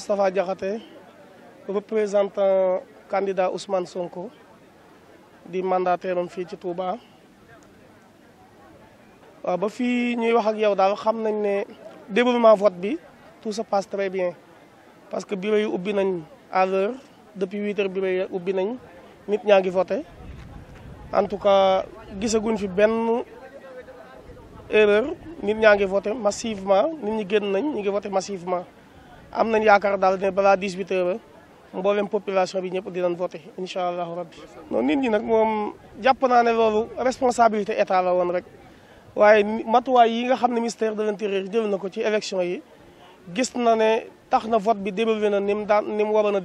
Moustapha Diakhaté représentant candidat Ousmane Sonko di mandataire noonu fii ci Touba. waaw ba fii ñuy wax ak yow daal xam nañ ne déroulement vote bi tout se passe très bien parce que bureau yi ubbi nañ à depuis huit heures bi yi ubbi nañ nit ñaa ngi voté en tout cas gisaguñ fi benn erreur nit ñaa ngi voté massivement nit ñi génn nañ ñu ngi voté massivement. am nañ yaakaar daal ne balaa 18 heures mboolem population bi ñëpp dinañ voté incha allahu rabbi non nit ñi nag moom jàpp naa ne loolu responsabilité état la woon rek waaye matuwaay yi nga xam ne ministère de l'intérieur jël na ko ci élection yi gis na ne tax na vote bi déroulé na ni mu daan ni mu waroon a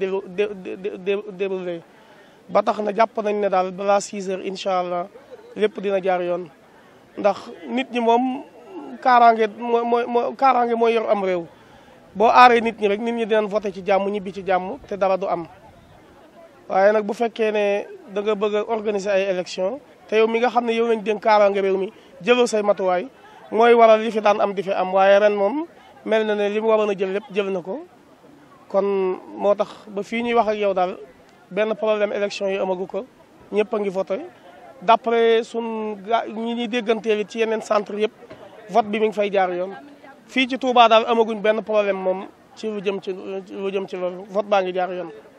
ba tax na jàpp nañ ne daal balaa 6 heures incha allah lépp dina jaar yoon ndax nit ñi moom kaaraange mooy mooy kaaraange mooy yor am réew boo aaree nit ñi rek nit ñi dinañ voté ci jàmm bi ci jàmm te dara du am waaye nag bu fekkee ne da nga bëgg a organiser ay élection te yow mi nga xam ne yow lañ dénk kaaraange réew mi jëloo say matuwaay mooy waral li fi daan am di fi am waaye ren moom mel na ne li mu waroon a jël lépp jël na ko kon moo tax ba fii ñuy wax ak yow daal benn problème élection yi amagu ko ñëpp a ngi voté d' après sun ñi ñuy dégganteel ci yeneen centre yëpp vote bi mi ngi fay jaar yoon fii ci Touba daal amaguñ benn problème moom ci lu jëm ci lu jëm ci loolu vote baa ngi jaar yon